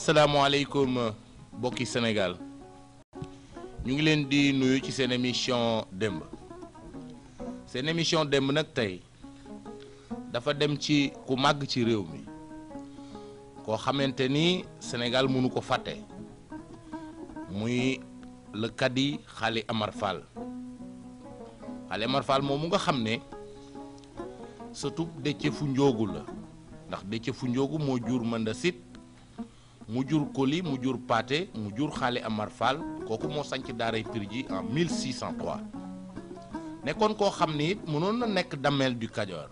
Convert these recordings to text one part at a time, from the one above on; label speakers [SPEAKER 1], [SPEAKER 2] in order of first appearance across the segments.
[SPEAKER 1] asalaamaaleykum mbokki senegaal ñu ngi leen di nuyu ci seen émission démb seen émission démb nag tey dafa dem ci ku màgg ci réew mi koo xamante ni Sénégal mënu ko fàtte muy le cadi Xaali Amar Fall Xaali Amar Fall nga xam ne surtout Déthié njoogu la ndax fu Foundiogou moo jur Manda Site mu jur Koli mu jur Paate mu jur Xaali Amar kooku moo sanc daaray Pirji en 1603 nekkoon koo xam nit it mënoon na nekk damel du Kajoor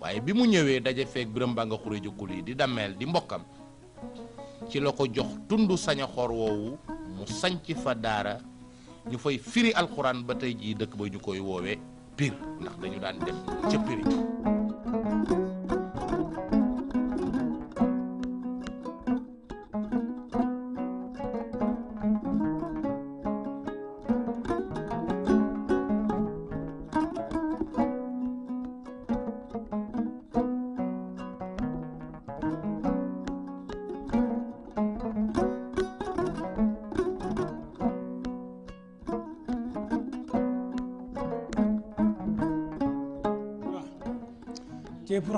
[SPEAKER 1] waaye bi mu ñëwee biram feeg nga Banga Xureeja Koli di dammeel di mbokkam ci la ko jox tundu Sañaxoor woowu mu sanc fa daara ñu fay firi alxuraan ba tey jii dëkk ba ñu koy woowee Pire ndax dañu daan dem ca Pire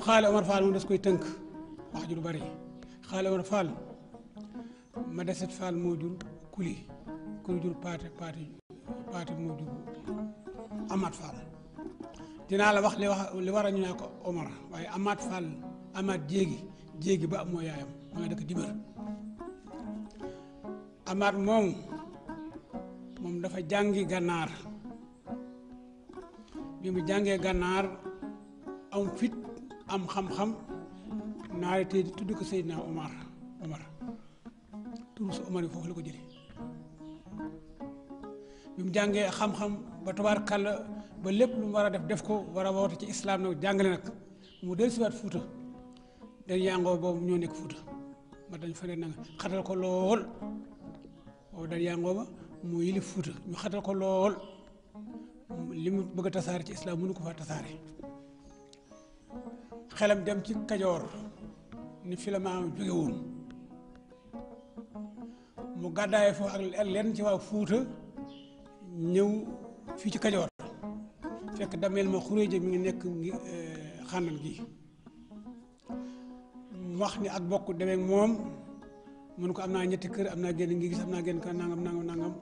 [SPEAKER 2] xaale Omar Fall moom des koy tënk wax ju lu bari xaale Omar Fall ma deset Fall moo jur kuli kuli jur paate moo jur Amath Fall dinaa la wax li wax li war a ñu naa ko waaye Amath Fall Amath jéegi jéegi ba moo yaayam ma nga dëkk moom dafa jàngi gànnaar bi mu jàngee gànnaar am fit am xam-xam naare tey di tudd ko Seydina Omar Omar turu sa Omar yi foofu la ko jëlee bi mu jàngee xam-xam ba tubaar kàlla ba lépp lu mu war a def def ko war a woote ci islam nag jàngale nag mu del siwaat Fuuta dañ yàngoo boobu ñoo nekk Fuuta ma dañ fa ne nanga ko lool boobu yàngoo ba mu yilif Fuuta ñu xatal ko lool li mu bëgg a tasaare ci islam mënu ko faa tasaare xelam dem ci kajoor ni fi la maam jóge woon mu gàddaaye foofu ak lenn ci waa fuuta ñëw fii ci kajoor fekk dameel ma xuréeja mi ngi nekk eh, xàndal gi wax ni ak bokk demee moom mun ko am naa ñetti kër am naa génn ngi gis am naa génn ka nangam nangam nangam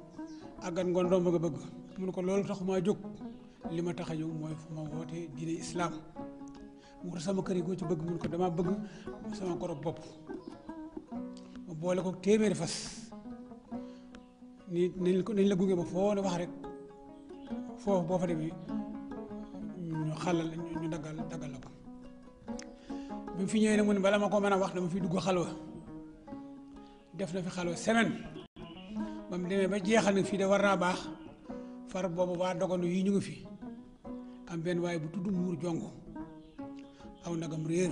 [SPEAKER 2] àggan ngoon doom bëgg mun ko loolu taxumaa jóg li ma tax a jóg mooy fu ma woote diine islaam wër sama kër yi goo ci bëgg mun ko dama bëgg sama gorob bopp ma boole ko téeméeri fas ni nañ ko nañ la gunge ba foo ne wax rek foofu boo fa demee ñu xalal ñu la ko ñëwee ne mu ne bala ma ko mën a fi dugg xalwa def na fi xalwa semaine ba mu demee ba jeexal nag fii de war naa baax far boobu waa doganu yii ñu ngi fi am benn waaye bu tudd muur jongo aw nagam réer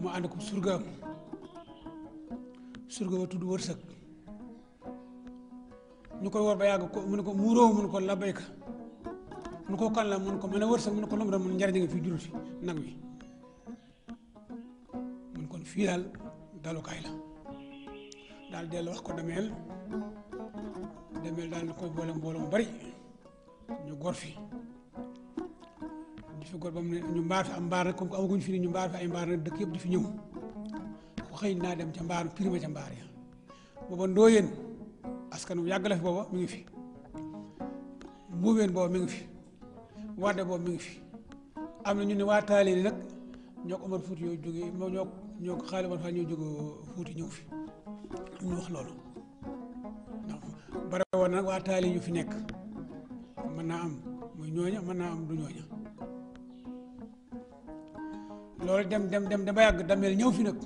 [SPEAKER 2] mu ànd ko surgaam surga ba tudd wërsëg ñu koy war ba yàgg ko mu ne ko muuroo mu ne ko kan la mu ko mën a wërsëg mu ko lom mun njariñ fi jurul nag wi mu ne kon fii daal dalukaay la daal dellu wax ko demeel demeel daal na ko boole mbooloo mu bari ñu gor fi di fi gor ba mu ñu mbaar fi am mbaar nag comme que amaguñ fi ni ñu mbaar ay mbaar nag dëkk yëpp di xëy naa dem ca mbaar pirima ca mbaar ya mi ngi fi mbuubeen mi ngi fi wadde mi ngi fi am na ñu ne waa taaleeli nag ñoo ko moo ñoo ñoo ko ñëw fi ñu wax loolu fi nekk mën naa am muy ñooña mën naa am du ñooña loolu dem dem dem dama yàgg dameel ñëw fi nag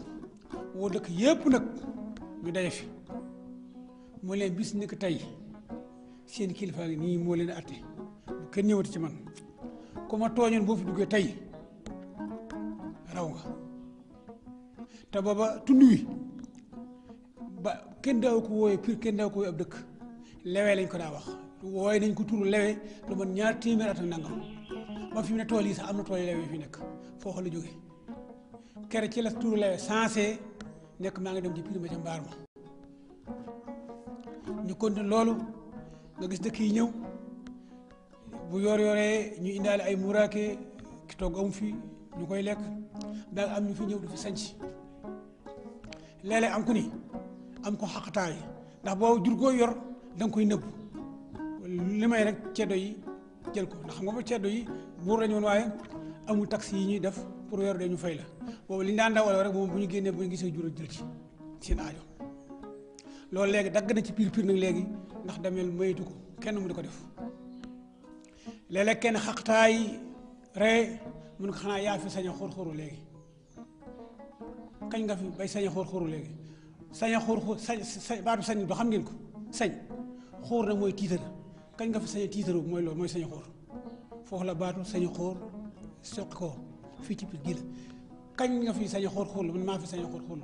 [SPEAKER 2] woo dëkk yépp nag ñu daje fi mu leen bis ni ko tey seen kilifa gi nii moo leen atte bu kenn ñëwati ci man ku ma boo fi duggee tey nga te booba tund wi ba kenn daaw ko wooyee pire kenn daaw ko wooyee ab dëkk lewee lañ ko daa wax wooye nañ ko turu lewee lu man ñaar téeméer at ak ba fi mu ne tool yi sax am na tool yi lewee fi nekk foo xam la jógee kere ci la tur la sensé nekk maa ngi dem ci ma ca mbaar ma ñu continué loolu nga gis dëkk yi ñëw bu yor yoree ñu indaale ay muraake ki togg amu fi ñu koy lekk daal am ñu fi ñëw du fi sanc léeg am ku ni am ko xaqataay ndax boo jur koo yor da nga koy nëbb li may rek ceddo yi jël ko ndax xam nga ba ceddo yi buur lañu woon waaye amul taxi yi ñuy def pour weer de ñu fay la boobu li ñu daan dawal rek moom bu ñu génnee bu ñu gisee juróom jël ci seen aajo loolu léegi dagg na ci piir piir nag léegi ndax dameel maytu ko kenn mu di ko def léeg kenn xaqtaay ree mun ko xanaa yaa fi sañ a xur-xuru léegi kañ nga fi bay sañ a xur léegi sañ a xur-xur sañ baatu sañ ba xam ngeen ko sañ xóor na mooy tiitara kañ nga fi sañ a mooy loolu mooy sañ a xóor foofu la baatu sañ a xóor ko fii ci biir gi la kañ nga fi sañ a xool xool man maa fi sañ a xool xool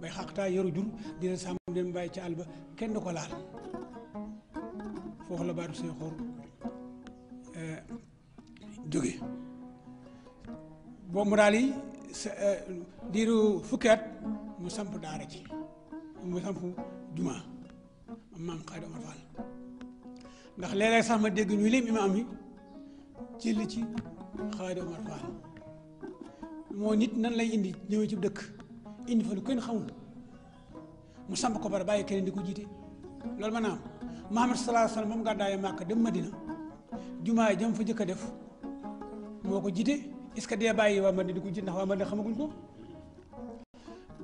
[SPEAKER 2] bay xaqtaa yoru jur di leen sàmm di bàyyi ci àll ba kenn du ko laal foofu la baatu sañ xool euh, jóge boobu mu daal yi euh, diiru fukki mu samp daara ci mu samp juma maam Xaadi Omar Fall ndax léeg-léeg sax ma dégg ñu lim imaam yi ci li ci Xaadi Omar Fall moo nit nan lay indi ñëwee ci dëkk indi fa lu kenn xamul mu samp ko bara bàyyi keneen di ko jiite loolu maanaam Muhammad sallallahu alayhi wa sallam moom gàddaay Màkka dem Madina jumaa jëm fa njëkk a def moo ko jiite est-ce que dee bàyyi waa Madina di ko jiite ndax waa Madina xamaguñ ko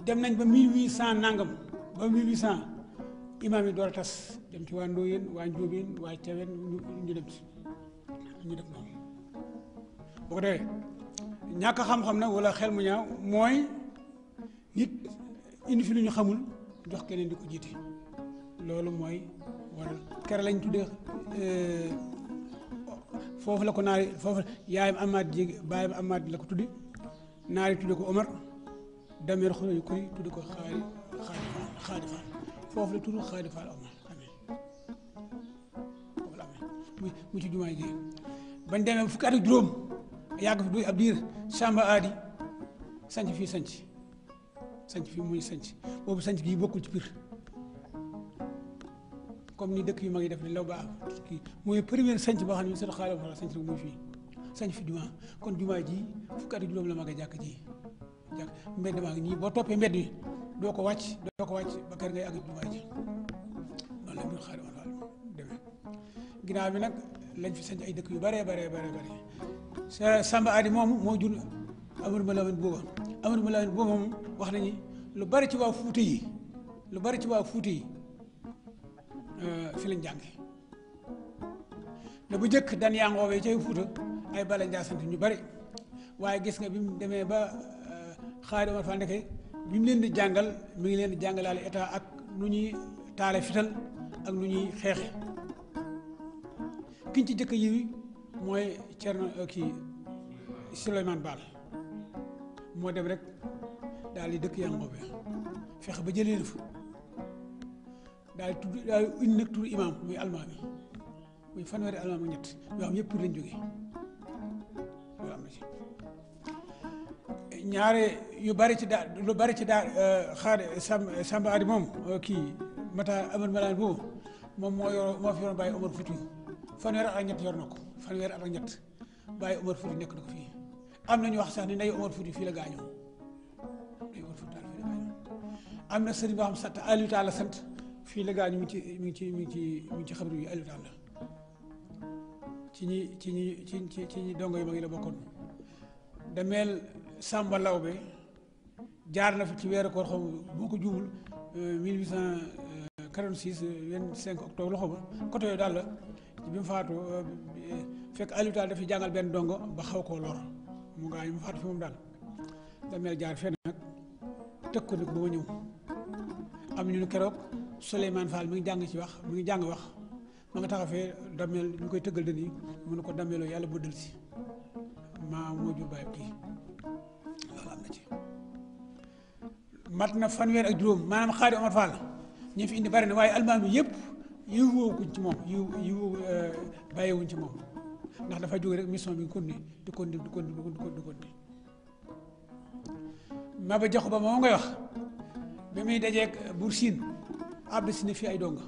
[SPEAKER 2] dem nañ ba 1800 nangam ba 1800. imaam yi door a tas dem ci waa Ndóoyeen waa Njóobeen waa Caween ñu dem ci ñu def noonu boo ko dee ñàkk xam-xam nag wala xel mu ñaaw mooy nit indi fi lu ñu xamul jox keneen di ko jiite loolu mooy waral kere lañ tudde euh, foofu la ko naari foofu yaayam amaat jéeg baayam amaat la ko tudde naari tudde ko Omar dameer xulóoyu koy tudde ko xaari xaari xaari faal foofu la tudd xaari faal Omar amee mu ci jumaa bañ demee fukki ak juróom yàgg fi du ab diir Samba aadi sanc fii sanc sanc fii muy sanc boobu sanc gii bokkul ci piir comme ni dëkk yu mag yi def di law baax kii mooy première sanc boo xam ne seen xaalis wala sanc rek muy fii sanc fi jumaa kon jumaa ji fukki at juróom la mag a jàkk ji jàkk mbedd maa ngi nii boo toppee mbedd doo ko wàcc doo ko wàcc ba kër ngay àgg jumaa ji noonu la mbir xaalis wala demee ginnaaw bi nag lañ fi sanc ay dëkk yu bare bare bare bare Samba Adi moom moo jur Amadou Malamine Bouba Amadou Malamine Bouba moom wax nañu lu bari ci waa Fuuta yi lu bari ci waa Fuuta yi euh, fi lañ jànge da bu njëkk dan yangoowee cay Fuuta ay bala njaasante ñu bari waaye gis nga bi mu demee ba euh, xaari Omar Fall ndeke bi mu leen di jàngal mu ngi leen di jàngalaale état ak nu ñuy taale fital ak nu ñuy xeexe kiñ ci jëkk yi mooy Thierno euh, kii Souleymane Baal moo dem rek daal di dëkk Yankoba fexe ba jëlee na fa daal tudd daal di uñ nag imaam muy almaami muy fanweeri almaami ak ñett yoo xam yëpp pour lañ ñaare yu bari ci daa lu bari ci daa euh, xaar Samba Adi moom euh, kii Mata Amar Malaan boobu moom moo yoro moo fi yoroon bàyyi Omar Fouti fanweeri ñett yor na ko. fanweer at ak ñett bàyyi Omar Fouti nekk na ko fii am nañu wax sax ne nay Omar Fouti fii la gaañoo nay am na sëriñ boo xam sant Aliou la sant fii la gaañu mi ci mi ngi ci mi ngi ci mi ngi ci xabru yi Aliou Tall la ci ñi ci ñi ci ci ñi dongo yi ma ngi la bokkoon dameel Samba Lawbe jaar na fi ci weeru koor xaw boo ko juumul 1846 euh, 25 euh, octobre la xaw ma yooyu daal bi mu faatu euh, fekk Aliou dafa jàngal benn dongo ba xaw koo lor mu gaañu mu faatu fi moom daal dameel jaar fenn nag ko nag ba ma ñëw am ñu keroog Souleymane Fall mi ngi jàng ci wax mu ngi jàng wax ma nga taxaw fee dameel ñu koy tëggal dënn yi mu ne ko dameeloo yàlla bu dël si maa moo jur baay kii mat na fanweer ak juróom maanaam xaari Omar Fall ñu fi indi bari na waaye almaami yëpp yiw woowuñ ci moom yiw yiw eh, bàyyiwuñ ci moom ndax dafa jóge rek mission bi ngi continuer di continuer di continuer di continuer Maba Jaxu Ba moom ngay wax bi muy dajeeg Buur Siin àbb si ne fii ay donga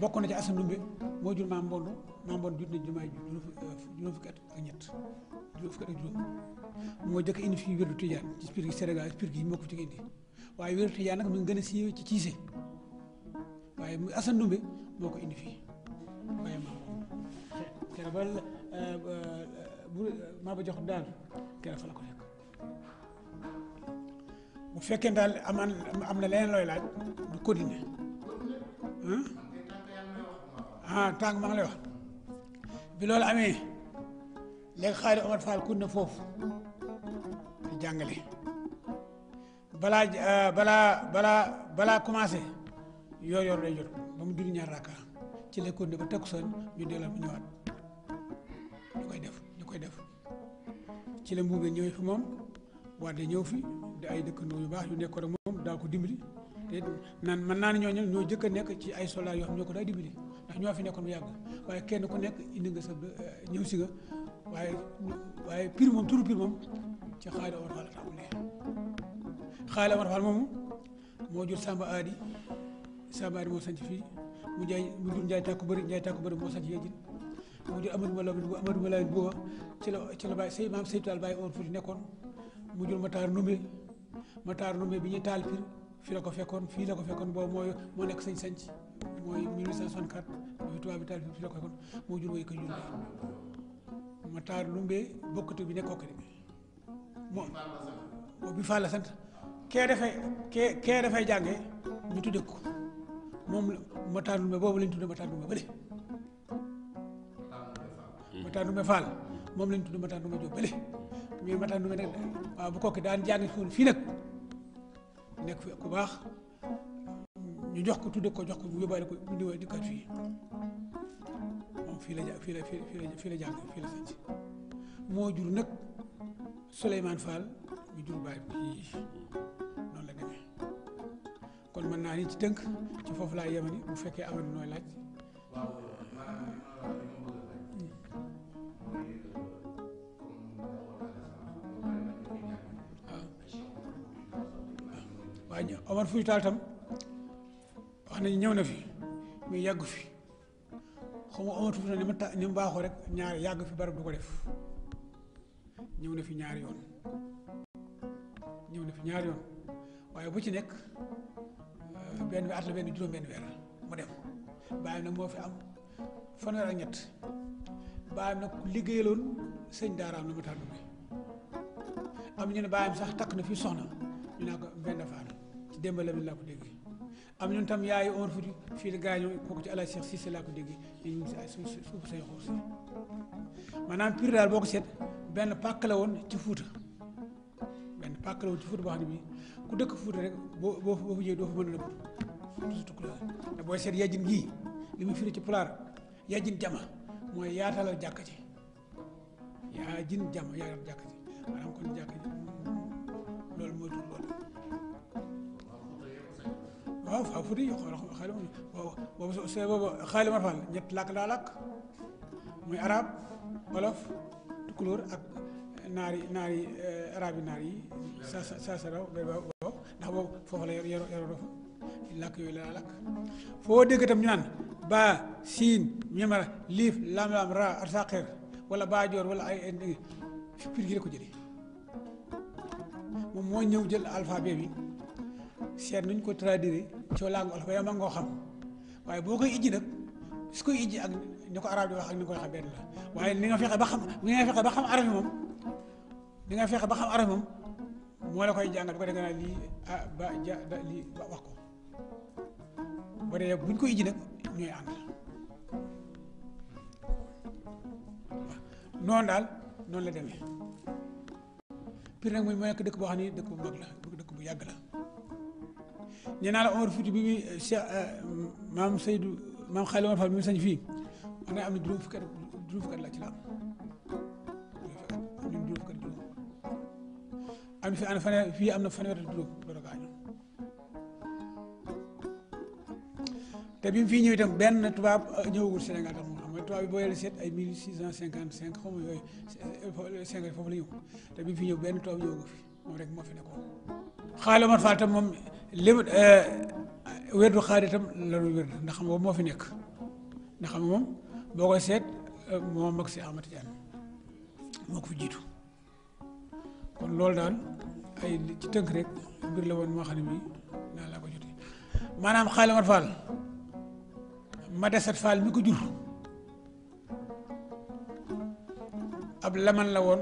[SPEAKER 2] bokk na ci Assane Ndoumbe moo jur maam Mbondo maam Mbondo jur na jumaay eh, juróom fukki at ak ñett juróom fukki at ak juróom moo jëkk indi fii wérdu tijaan ci spir gi Sénégal spir gi moo ko fi jëkk indi waaye wérdu tijaan nag mu ngi gën a siiw ci ciise waaye Assane Ndoumbe moo ko indi fii waaye maa ko keroog ba euh, euh, maa ba jox daal keroog fa la ko nekk bu fekkee daal amaan am na leneen looy laaj du continuer ah tàng maa ngi lay wax bi amee léegi xaari Omar Fall ku ne foofu jàngale balaa euh, balaa balaa balaa commencé yoo yor lay jot ba mu julli ñaar rakka ci la continué ba takkusaan ñu delloo mu ñëwaat ñu koy def ñu koy def ci la mbuubeen ñëwee fi moom waa de ñëw fi di ay dëkkandoo yu baax yu nekkoon ak moom daa ko dimbali te naan man naa ne ñoo ñoo jëkk a nekk ci ay soldats yoo xam ñoo ko daa dimbali ndax ñoo fi nekkoon bu yàgg waaye kenn ku nekk indi nga sa eh, ñëw si nga waaye waaye pire moom turu pire moom ci xaali Omar Fall la tàmbalee xaali Omar Fall moomu moo jur Samba Aadi Sabaari moo sanc fii mu jaay mu jur Njaay tàkku bëri Njaay tàkku bëri moo sanc Yejin mu jur Amadou Malamin bu Amadou Malamin booba ci la ci la bàyyi say maam say taal bàyyi woon fu di nekkoon mu jur Matar Numbe Matar Numbe bi ñuy taal pir fii la ko fekkoon fii la ko fekkoon boobu mooy moo nekk sañ sanc mooy 1864 bi tubaab bi taal pir fii la ko fekkoon moo jur way ko jur Matar Numbe bokkatu bi nekkoo ko de moo moo bi Fall la sant kee dafay kee kee dafay jàngee ñu tudde ko moom Matar Ndoumé boobu lañ tuddee Matar Ndoumé bële. Matar Ndoumé Fall moom lañ tuddee Matar Ndoumé Diop bële ñooy Matar Ndoumé nag bu kooki daan jàng suul fii nag nekk fi ku jox ko tudde ko jox ko mu yóbbaale ko indiwaat dikkaat fii moom fii la ja fii la fii la fii la jàng moo jur nag Souleymane Fall mu jur baay bi noonu la demee. kon mën naa ni ci tënk ci foofu laa ni bu fekkee amati nooy laaj.
[SPEAKER 3] waaye
[SPEAKER 2] euh, hmm. euh, ah. Omar Fuuta Taal tam wax ñëw na fi muy yàgg fi xaw ma Omar Fuuta ni ma ta ni mu baaxoo rek ñaar yàgg fi barab du ko def ñëw na fi ñaari yoon ñëw na fi ñaari yoon waaye bu ci nekk. benn bi at la benn juróom benn weer mu dem bàyyam nag moo fi am fanweer ak ñett bàyyam nag liggéeyaloon sëñ daaraam la mu tànn bi am takk na fi soxna ñu naa la laa ko déggee am ñun tam yaayu Omar Fouti fii gaañoo kooku ci El Hadj Cheikh laa ko déggee ñu ngi suuf say xuus maanaam pire daal boo ko seet benn pàkk ci Fuuta pàcc la woon ci Fuuta boo xam ne bii ku dëkk Fuuta rek boo boo boo fa doo fa mën a nëbbu surtout Kulaar ak. naari naari eh, arabi naar yi sa saasara waaw ndax boobu foofu la yoro yoro fa làkk yooyu la làkk foo dégg tam ñu naan baa siin mimara liif lam lam ra arsaqir wala baa joor wala ay pir gi ko jële moom moo ñëw jël alphabet bi seet nuñ ko traduire ci langue alphabet yow ma xam waaye boo koy ijji nag su koy ijji ak ni ko arab wax ak ni koy xam benn waaye ni nga fexe ba xam ni moom di nga fexe ba xam arafam moo la koy jàngal bu ko defee ah, lii ba wax ko bu dee buñ ko iji nag ñooy ànd noonu daal noonu la demee Pire nag mooy moo dëkk boo xam ne dëkk bu mag la dëkk bu yàgg la nee la Omar Fouti eh, eh, maam Seydou maam Xaliil Omar Fall mu sañ fii man am na juróom fukki at juróom am fi am fanweer fii am na fanweeri dooga gaañu te bi fii ñëw tam benn tubaab euh, ñëwagul Sénégal tax mu xam nga tubaab boo yore seet ay mille six cent cinquante cinq xaw ma euh, foofu la ñëw te bi fi ñëw benn tubaab ñëwagul fi moom rek moo fi nekkoon xaalo man Fall tam moom li euh, wérdu xaar itam la doon wérdu ndax xam moo fi nekk ndax moom boo koy seet moom mag si Ahmad Tidiane moo jiitu kon loolu daal ay ci tënk rek mbir la woon moo xam ne bii laa ko jotee maanaam xaali Omar Fall ma desat Fall mi ko jur ab laman la woon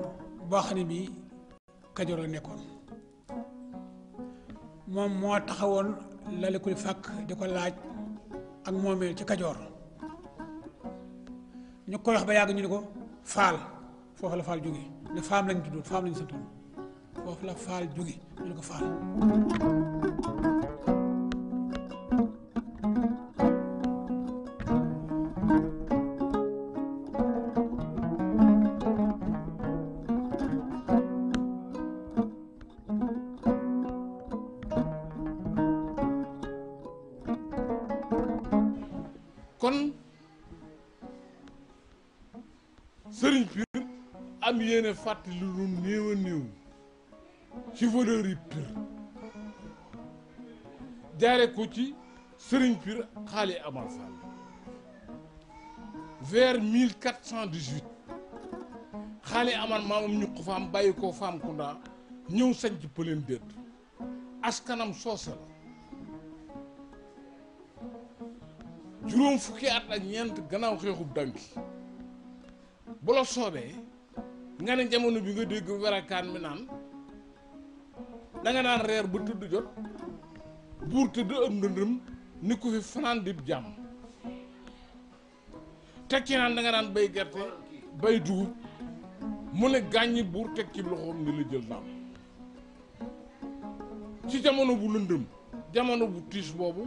[SPEAKER 2] boo xam ne Kajoor la nekkoon moom moo taxawoon lalikul fàkk di ko laaj ak moomeel ci Kajoor ñu koy wax ba yàgg ñu ne ko Fall foofu la faal jógee ne faam lañ tuddoon faam lañ santoon foofu la faal jóge ñu ko faal
[SPEAKER 4] kon
[SPEAKER 3] sëriñ Pir am yéene fàttali lu ko ci Serigne Pir Xaali Amar Fall vers 1418 Xaali Amar maamam ñu ko faam bàyyi ko faam Kounda ñëw sanc Pëleen Dëdd askanam soose la juróom fukki at ak ñeent gannaaw xeexub danki bu soobee nga ne jamono bi nga dégg werakaan mi naan danga naan reer ba tudd jot buur tëdd am ndëndëm ni ku fi fanaan dib jàmm teg ci naan da daan bay gerte bay dugub mu ne gàññi buur teg ci loxoom ni la jël naam ci jamono bu lëndëm jamono bu tiis boobu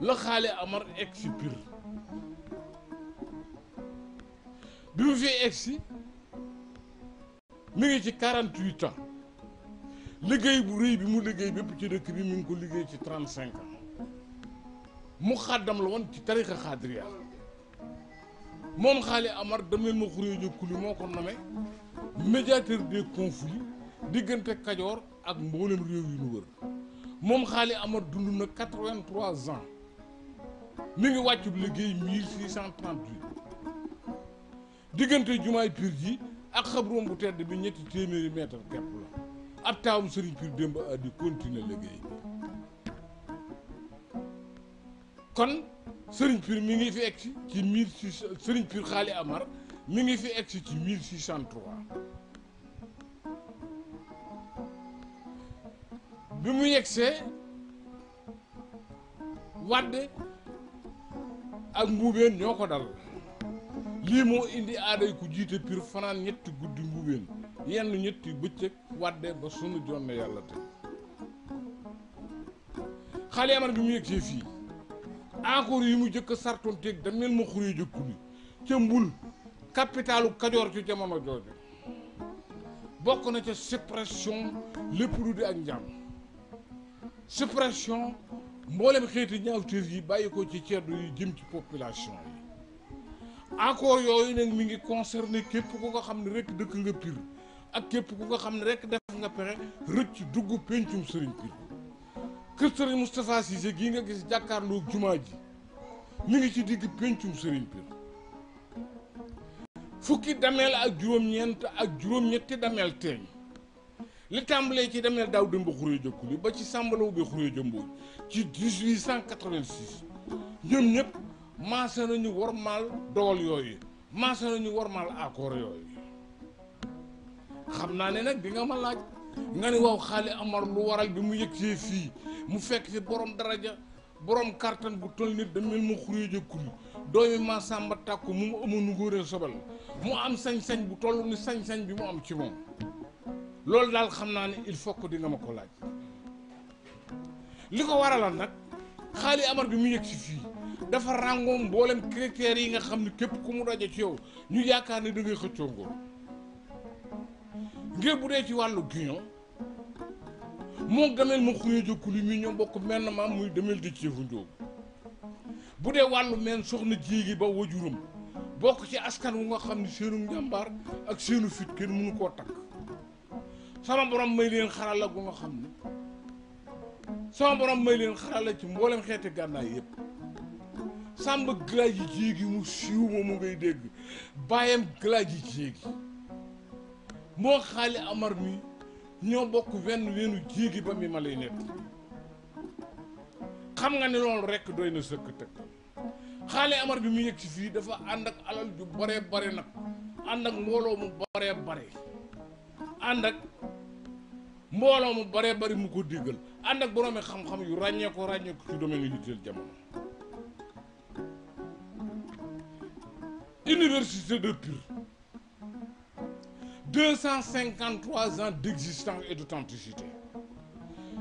[SPEAKER 3] la xaale amar egsi Pire bi mu fi egsi mi ngi ci quarante liggéey bu rëy bi mu liggéey bépp ci dëkk bi mu ngi ko liggéey ci trente cinq mu xaddam la woon ci tarixa xaadiriya moom xaali Amar damel ma xurée jo kuli moo ko name médiateur des conflits diggante Kajoor ak mboolem réew yi nu wër moom xaali Amar dund na quatre-vingt-trois ans mi ngi wàccub liggéey mille six cent diggante jumaay piir ji ak xabroom bu tedd bi ñetti téeméeri mètre kepp ab taawam Serigne Pire démb di continuer liggéey kon Serigne Pire mi ngi fi egsi ci mille six Serigne Pire Xaali Amar mi ngi fi egsi ci mille six cent trois bi mu yegsee Wàdd ak mbuubeen ñoo ko dal lii moo indi aaday ku jiite Pire fanaan ñetti guddi mbuubeen yenn ñetti bëccëg wadde ba sunu jonn yàlla tey xale bi mu yegsee fii encore yi mu jëkk a teg teeg da ma xuree jëkku bi ca mbul capitalu kajoor ci jamono jooju bokk na ca suppression lépp lu di ak njàmm suppression mboolem xeeti ñaawteef yi bàyyi ko ci ceddu yi jëm ci population yi encore yooyu nag mu ngi concerné képp ko nga xam ne rek dëkk nga piir ak képp ku nga xam ne rek def nga pexe rëcc dugg péncum sëriñ Pire kër sëriñ Moustapha Cissé nga gis jàkkaarloo jumaa ji mi ngi ci digg péncum sëriñ Pire fukki dameel ak juróom ak juróom-ñetti dameel teeñ li tàmbalee ci dameel daaw dëmb xuree jëkkuli ba ci sàmbalaw bi xuree jëmbooj ci 1886 ñoom ñëpp maase nañu warmaal dogal yooyu maase nañu warmaal accord yooyu xam naa ne nag bi nga ma laaj nga ne waaw xaali amar lu waral bi mu see fii mu fekk fi borom daraja borom kartan bu toll nit da mel ma xuréeja kuri doomi ma sàmba tàkku mu am amoon nu góoreel sobal mu am sañ-sañ bu toll ni sañ-sañ bi mu am ci moom loolu daal xam naa ne il faut que di nga ma ko laaj li ko warala nag xaali amar bi mu yëg si fii dafa ràngoom mboolem critères yi nga xam ne képp ku mu daje ci yow ñu yaakaar ne da ngay xëccoo ngóor ngir bu dee ci wàllu guyon moo gamel ma xuñu jëkku li mu ñoo bokk menn maam muy demel di ceefu njóob bu dee wàllu men soxna jéegi ba wajuram bokk ci askan wu nga xam ne seenu njàmbaar ak seenu fit kenn mënu koo takk sama borom may leen xarala gu nga xam ne sama borom may leen xarala ci mboolem xeeti gànnaay yëpp sàmb galaaj yi jéegi mu siiw ma mu ngay dégg bàyyam galaaj yi jéegi moo xaali amar mi ñoo bokk wenn weenu jéegi ba mi ma lay nekk xam nga ne loolu rekk doy na sëkk tëkk xaali amar bi mu yëg ci fii dafa ànd ak alal ju bare bare nag ànd ak mbooloo mu bare bare ànd ak mbooloo mu bare bari mu ko diggal ànd ak boroomi xam-xam yu ràññee ko ràññee ko ci domaine yu yitteel jamono université de Pire deux cent cinquante trois ans d'existence et d'authenticité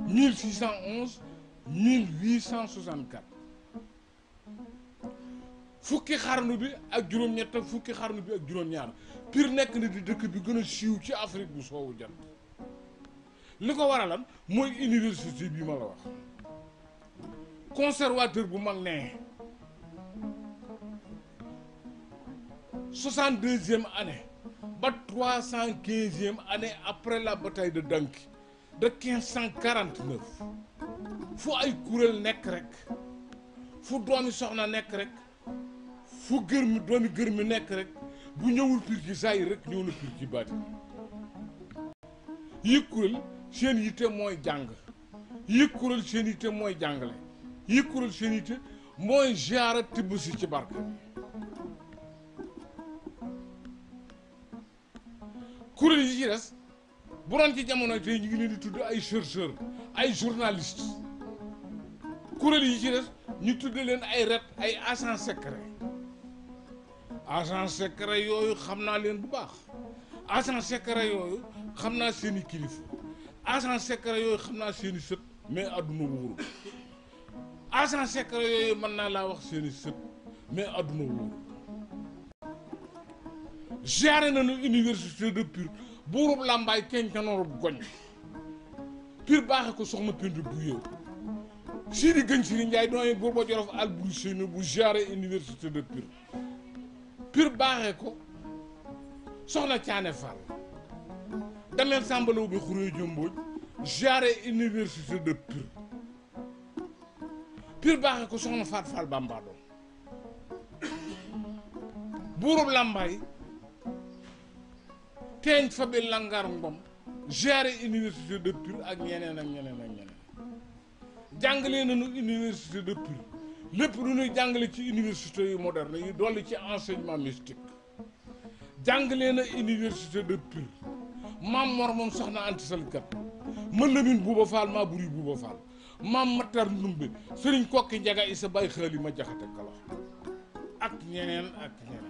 [SPEAKER 3] mille six cent onze mille huit cent soixante quatre fukki xarnu bi ak juróom-ñett ak fukki xarnu bi ak juróom-ñaar Pire nekk na di dëkk bi gën a siiw ci Afrique bu soowu jant li ko war a waralan mooy université bi ma la wax conservateur bu mag ne soixante deuxième année ba trois cent quinzième année après la bataille de Danki de quinze cent quarante neuf fu ay kuréel nekk rek fu doomi soxna nekk rek fu gër mi doomi gër nekk rek bu ñëwul piir ci saa rek ñëw na piir ci baati yi kuréel seen yitte mooy jàng yi kuréel seen yitte mooy jàngale yi kuréel seen yitte mooy ziyaara tibb si ci barka ci des bu doon ci jamono tey ñu ngi leen di tudd ay chercheur ay journaliste kuréel yi ci des ñu tudd leen ay ret ay agent secret agent secret yooyu xam naa leen bu baax agent secret yooyu xam naa seen i kilifa agent secret yooyu xam naa seen i sët mais adduna wóoru agent secret yooyu mën naa laa wax seen i sët mais adduna wóoru jaare nañu université de Pure buurub làmbaay kenkanoorub goñ piir baaxe ko soxna Penda bu yow sii di gën siri Njaay doon buur ba Jolof Alburuseyni bu jaare université de Pire Pire baaxe ko soxna Caane Fall dameel sàmbalawu bi xuree jëmbooj jaare université de Pire ko soxna Faat Fall Bambado buurub làmbaay teeñ fa bi langar ngom gérer université de Pire ak ñeneen ak ñeneen ak ñeneen na nu université de Pire lépp lu ñuy jàngale ci université yu moderne yi dolli ci enseignement mystique jàngalee na université de Pire maam Mor moom soxna Anta Sall kat ma Lamine Bouba Fall maa buri Bouba Fall maam Matar Ndumbe Sëriñ Kokki Njaga Isa Bay Xaali ma jaxate kala ak ñeneen ak ñeneen.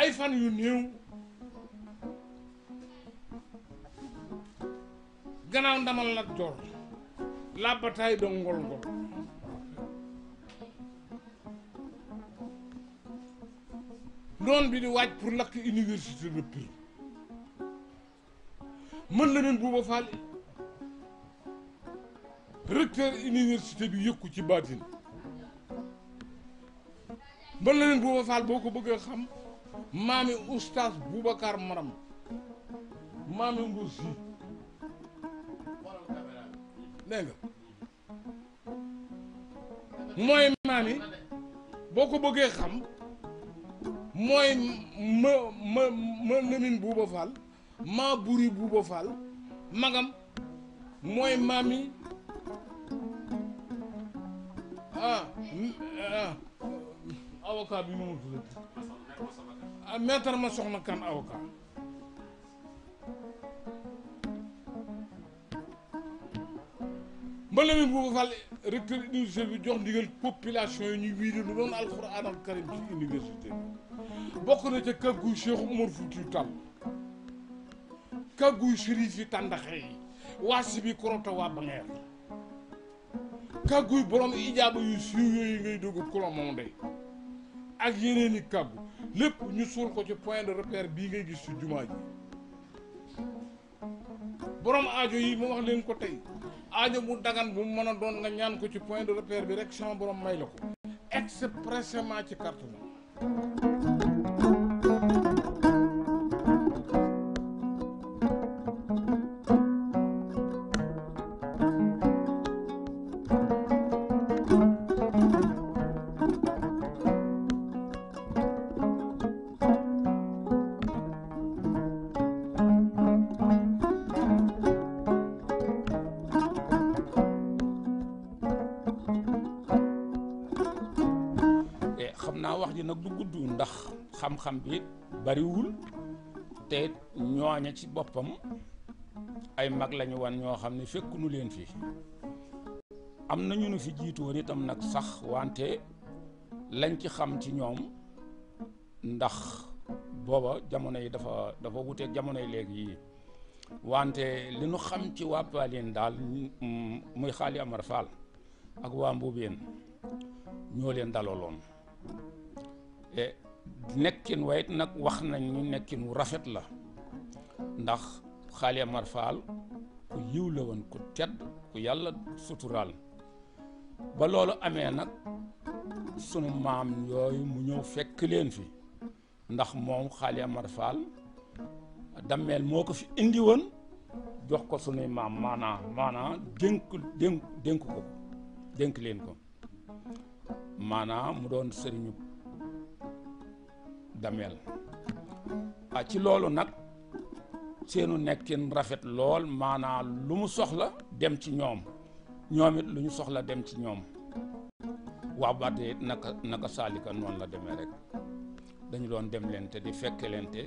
[SPEAKER 3] ay fan yu néew gannaaw ndamal Lat Joor la bataille de Ngol Ngol noon bi di waaj pour lakk université de Pire mën la nen buuba faal recteur université bi yëkku ci baatin mën la nen buuba faal boo ko bëggee xam maami oustaz Boubacar Maram maami mbuus yi dégg mooy maami boo ko bëggee xam mooy ma ma ma Lamine Bouba Fall maa buri Bouba Fall magam mooy maami ah, ah avocat bi moom tudd Ah, maître ma soxna kan awka mbala mi bu fal recteur université bi jox ndigal population yi ñu wiiri lu doon alxuraan karim ci université bokk na ca kaggu Cheikh Umar Fuutiyu Tall kaggu Chérif yi tàndaxe yi waasi bi korota waa bangeer kagguy borom ijaaba yu siiw yooyu ngay dugg kulo monde ak yeneen i lépp ñu suul ko ci point de repère bi ngay gis ci jumaa ji borom aajo yi ma wax leen ko tey aajo bu dagan bu mën a doon nga ñaan ko ci point de repère bi rek sama borom may la ko expressément ci carte bi
[SPEAKER 5] nag du gudd ndax xam-xam bi bariwul te ñooña ci boppam ay mag lañu wan ñoo xam ne fekk nu leen fii am na ñu nu fi jiitoon itam nag sax wante lañ ci xam ci ñoom ndax booba jamono yi dafa dafa wuteeg jamono yi léegi yii wante li nu xam ci waa Paaleen daal muy Xaali Amar Fall ak waa Mbuubeen ñoo leen dalaloon Eh, nekkin wayit nag wax nañ ñu nekkin wu rafet la ndax Xaali Amar Faal ku yiw la woon ku tedd ku yàlla suturaal ba loolu amee nag sunu maam yooyu mu ñëw fekk leen fi ndax moom Xaali Amar dammeel moo ko fi indi woon jox ko sunuy maam maanaa maanaa dénk dénk dénk ko dénk leen ko maanaa mu doon sëriñu dameel ah ci loolu nag seenu nekkin rafet lool maanaa lu mu soxla dem ci ñoom ñoom it lu ñu soxla dem ci ñoom waa baatee naka naka saalika noonu la demee rek dañu doon dem leen te di fekke leen te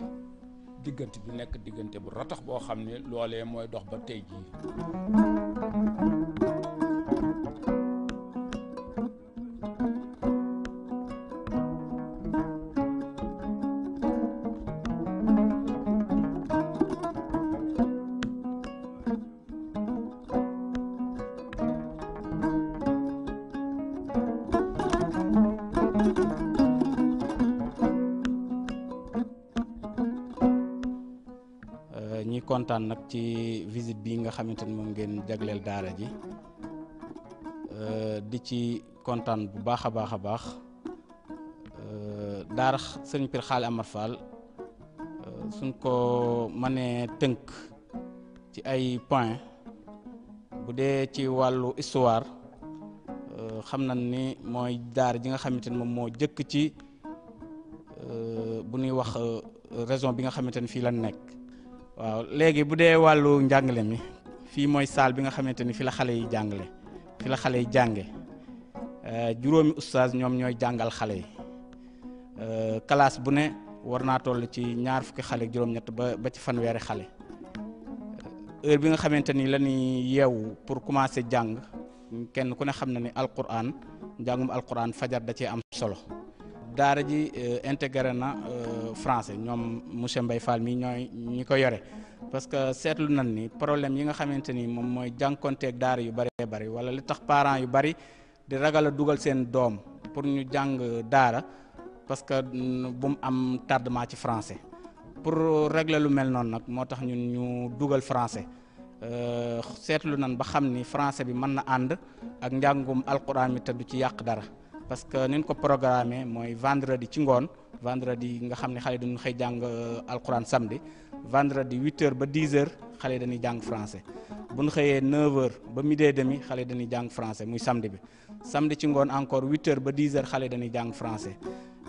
[SPEAKER 5] diggante bi nekk diggante bu ratax boo xam ne loolee mooy dox ba tey jii
[SPEAKER 4] kontaan nag ci visite bi nga xamante ni moom ngeen jagleel daara ji euh, di ci kontaan bu baax a baax a baax euh, daara sëriñ Pir Xaali Amar Fall euh, suñ ko mënee tënk ci ay point bu dee ci wàllu histoire xam na ni mooy daara ji nga xamante ni moom moo jëkk ci bu nuy wax raison bi nga xamante ni fii lan nekk waaw léegi bu dee wàllu njàngale mi fii mooy saal bi nga xamante ni fi la xale yi jàngale fi la xale yi jànge euh, juróomi ustaas ñoom ñooy jàngal xale yi euh, classe bu ne war naa toll ci ñaar fukki xale juróom-ñett ba ba ci fanweeri xale euh, heure bi nga xamante ni la ñuy yeewu pour commencer jàng kenn ku ne xam na ni alquran njàngum alquran fajar da cee am solo daara ji euh, intégré na euh, français ñoom monsieur mbay Fall mi ñooy ñi ko yore parce que seetlu nan ni problème yi nga xamante ni moom mooy jànkonteeg daara yu bëree bëri wala lu tax parent yu bëri di ragal dugal seen doom pour ñu jàng daara parce que bu mu am tardement ci français pour régler lu mel noonu nag moo tax ñun ñu dugal français euh, seetlu nan ba xam ni français bi mën na ànd ak njàngum alquran mi te du ci yàq dara parce que ni ko programme mooy vendredi ci ngoon vendredi nga xam ne xale dañu xëy jàng euh, alxuraan samedi vendredi huit heures ba dix heures xale dañuy jàng français bu ñu xëyee neuf heures ba midi et demi xale dañuy jàng français muy samedi bi samedi ci ngoon encore huit heures ba dix heures xale dañuy jàng français.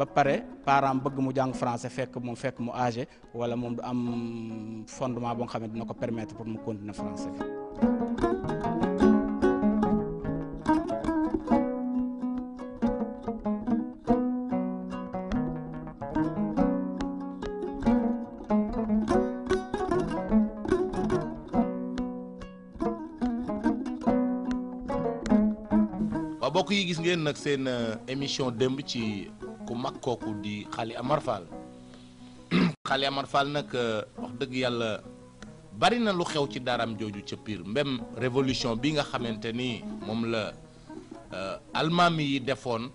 [SPEAKER 4] ba pare parent bëgg mu jàng français fekk mu fekk mu âgé wala moom du am fondement boo nga xam ne dina ko permettre pour mu continuer français
[SPEAKER 1] bi mbokk yi gis ngeen nag seen euh, émission démb ci ku mag kooku di Xaali Amar Fall Xaali Amar Fall nag euh, wax dëgg yàlla bari na lu xew ci daaram jooju ca piir même révolution bi nga xamante ni moom la euh, almaami yi defoon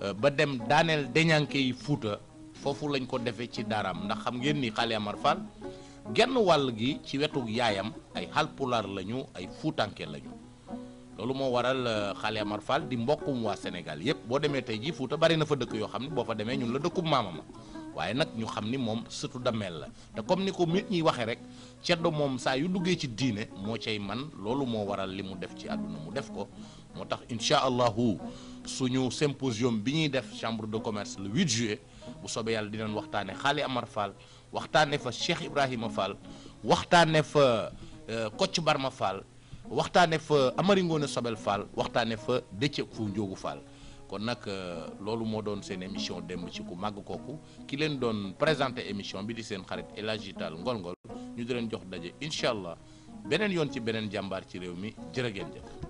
[SPEAKER 1] euh, ba dem daaneel deñanke yi fuuta foofu lañ ko defee ci daaram ndax xam ngeen ni Xaali Amar genn wàll gi ci wetu yaayam ay xalpulaar lañu ay fuutanke lañu loolu moo waral euh, xaali Amar Fall di mbokkum waa Sénégal yëpp boo demee tey jii Fuuta bari na fa dëkk yoo xam ne boo fa demee ñun la dëkkum maamama waaye nag ñu xam ni moom surtout dameel la te comme ni ko nit ñi waxee rek ceddo moom saa yu duggee ci diine moo cay man loolu moo waral li mu def ci àdduna mu def ko moo tax incha allahu suñu symposium bi ñuy def chambre de commerce le 8 juillet bu soobee yàlla di dinañ waxtaane xaali Amar Fall waxtaane fa Cheikh Ibrahima Fall waxtaane fa euh, Kocc Barma Fall waxtaane fa Amari Ngoone Sobel Fall waxtaane fa Déthié Fou Ndiogou Fall kon nag euh, loolu moo doon seen émission démb ci ku màgg kooku ki leen doon présenté émission bi di seen xarit El taal Tall Ngol Ngol ñu di leen jox daje incha allah beneen yoon ci beneen jàmbaar ci réew mi jërë ngeen jëf